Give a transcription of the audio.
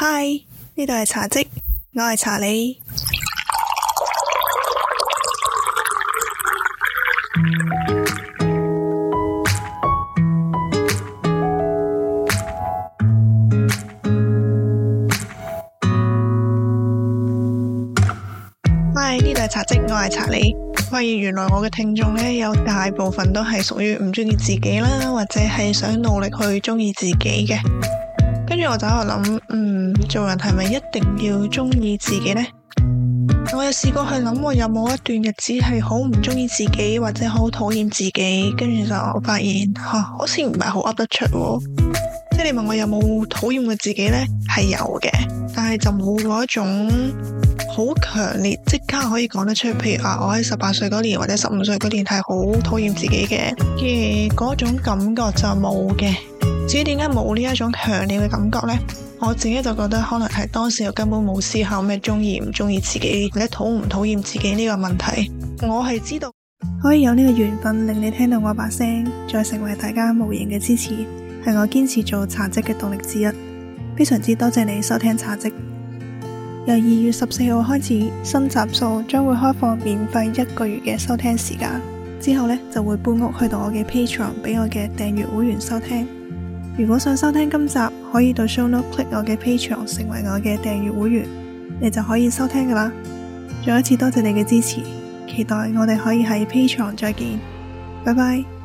嗨，呢度係茶嘖，我係查理。嗨，呢度係茶嘖，我係查理。李。發現，原來我嘅聽眾呢，有大部分都係屬於唔中意自己啦，或者係想努力去中意自己嘅。跟住我就喺度諗，嗯，做人係咪一定要中意自己呢？我有試過去諗，我有冇一段日子係好唔中意自己，或者好討厭自己？跟住就我發現，吓、啊、好似唔係好噏得出。即係你問我有冇討厭過自己呢？係有嘅，但係就冇嗰一種好強烈即刻可以講得出。譬如話我喺十八歲嗰年，或者十五歲嗰年係好討厭自己嘅，嘅嗰種感覺就冇嘅。至於點解冇呢一種強烈嘅感覺呢？我自己就覺得可能係當時我根本冇思考咩中意唔中意自己，或者討唔討厭自己呢個問題。我係知道可以有呢個緣分令你聽到我把聲，再成為大家無形嘅支持，係我堅持做茶職嘅動力之一。非常之多謝你收聽茶職。由二月十四號開始，新集數將會開放免費一個月嘅收聽時間，之後呢就會搬屋去到我嘅 Patreon 俾我嘅訂閱會員收聽。如果想收聽今集，可以到 ShowNote click 我嘅 Patreon 成為我嘅訂閱會員，你就可以收聽㗎喇。再一次多謝你嘅支持，期待我哋可以喺 Patreon 再見，拜拜。